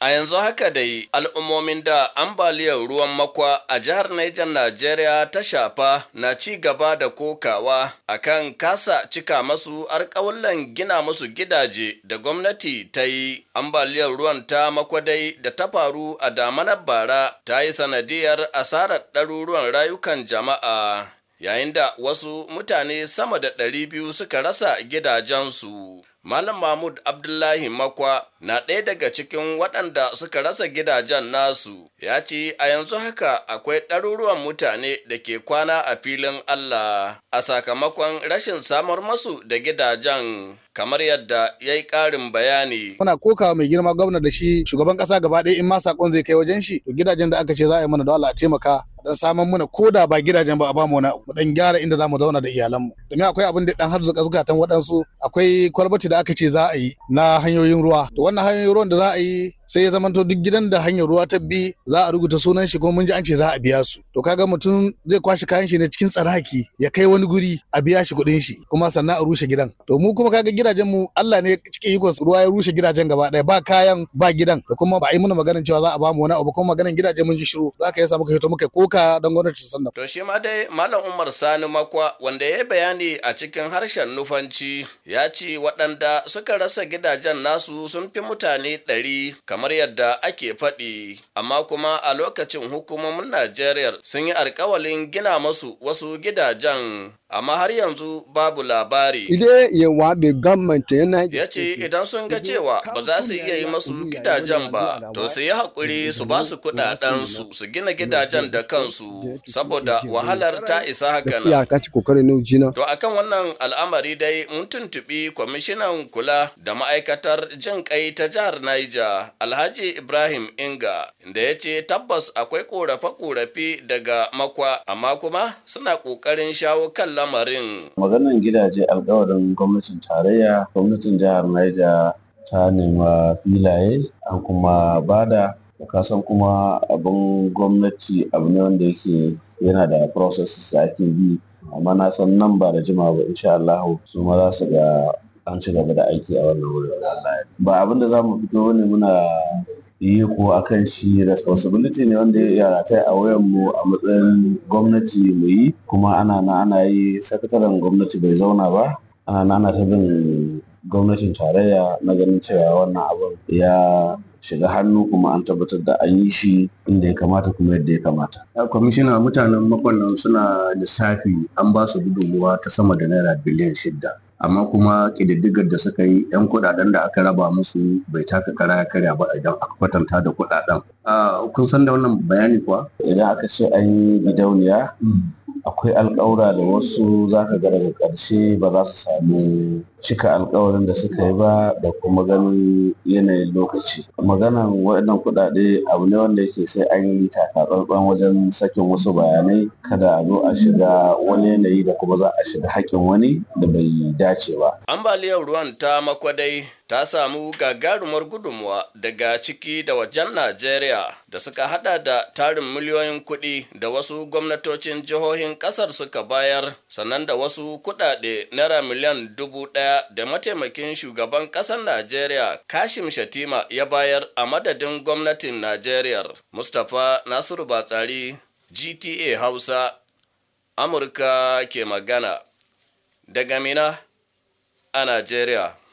A yanzu haka dai al'ummomin da ambaliyar ruwan makwa a jihar Niger Najeriya ta shafa na ci gaba da kokawa akan kasa cika masu alƙawallan gina masu gidaje da gwamnati ta yi. Ambaliyar ruwan ta makwadai da ta faru a damanar bara ta yi sanadiyar asarar ɗaruruwan rayukan jama'a. yayin da wasu mutane sama da ɗari biyu suka rasa gidajensu. Malam Mahmud Abdullahi Makwa na ɗaya daga cikin waɗanda suka rasa gidajen nasu, ya ce a yanzu haka akwai ɗaruruwan mutane da ke kwana a filin Allah a sakamakon rashin samar masu da gidajen. kamar yadda ya yi ƙarin bayani. Muna koka mai girma gwamna da shi shugaban ƙasa gaba ɗaya in ma saƙon zai kai wajen shi gidajen da aka ce za a yi mana da Allah a taimaka samar saman ko da ba gidajen ba a bamu wani abu dan gyara inda za mu zauna da iyalanmu domin akwai abin da dan har zukatan waɗansu akwai kwalbati da aka ce za a yi na hanyoyin ruwa to wannan hanyoyin ruwan da za a yi sai ya zamanto duk gidan da hanyar ruwa ta bi za a rubuta sunan shi kuma mun ji an ce za a biya su to kaga mutum zai kwashi kayan shi ne cikin tsaraki ya kai wani guri a biya shi kuɗin shi kuma sannan a rushe gidan to mu kuma kaga gidajen mu Allah ne cikin ikon ruwa ya rushe gidajen gaba ɗaya ba kayan ba gidan da kuma ba a yi mana maganin cewa za a ba mu wani abu kuma maganin gidajen mun ji shiru za ka yasa muka fito muka koka don gwamnati to shi ma dai malam Umar Sani Makwa wanda ya bayani bayani a cikin harshen nufanci ya ce waɗanda suka rasa gidajen nasu sun fi mutane ɗari kamar yadda ake faɗi amma kuma a lokacin hukumomin najeriya sun yi alkawalin gina masu wasu gidajen amma har yanzu babu labari ya ce idan sun ga cewa ba za su iya yi masu gidajen ba to su yi haƙuri su ba su kuɗaɗensu su gina gidajen da kansu saboda wahalar ta isa haka nan to akan wannan al'amari dai mun tuntuɓi kwamishinan kula da ma'aikatar jin kai ta jihar Niger alhaji ibrahim inga da ya ce tabbas akwai ƙorafe-ƙorafe daga makwa amma kuma suna ƙoƙarin shawo kan lamarin. Maganar gidaje alkawarin gwamnatin tarayya, gwamnatin jihar Niger ta nema filaye an kuma bada da kasan kuma abin gwamnati abu ne wanda yake yana da processes da ake bi amma na san nan ba da jima ba insha Allah su ma za su ga an ci gaba da aiki a wannan wurin ba abin da za mu fito ne muna ko a kan shi responsibility ne wanda ya rata a wayan mu a matsayin gwamnati mu yi kuma ana na ana yi sakataren gwamnati bai zauna ba ana na ana ta bin gwamnatin tarayya na ganin cewa wannan abin ya shiga hannu kuma an tabbatar da an yi shi inda ya kamata kuma yadda ya kamata. kwamishina mutanen makonnan suna lissafi an ba su gudunmuwa ta sama da naira biliyan shidda amma kuma ƙididdigar da suka yi 'yan kuɗaɗen da aka raba musu bai taka kara ya karya ba idan aka kwatanta da kuɗaɗen. Ah, kun san da wannan bayani kuwa? Idan aka ce an yi gidauniya hmm. akwai alƙawura da wasu za ka ga daga ƙarshe ba za su sami cika alkawarin da suka yi ba da kuma ganin yanayin lokaci maganan waɗannan kuɗaɗe abu ne wanda yake sai an yi takatsantsan wajen sakin wasu bayanai kada a zo a shiga wani yanayi da kuma za a shiga haƙƙin wani da bai dace ba ambaliyar ruwan ta makwadai ta samu gagarumar gudunmuwa daga ciki da wajen Najeriya da suka hada da tarin miliyoyin kuɗi da wasu gwamnatocin jihohin ƙasar suka bayar sannan da wasu kuɗaɗe naira miliyan dubu ɗaya da mataimakin shugaban ƙasar Najeriya Kashim Shatima ya bayar a madadin gwamnatin Najeriya. Mustapha Nasiru Batsari GTA Hausa Amurka ke magana daga Mina a Najeriya.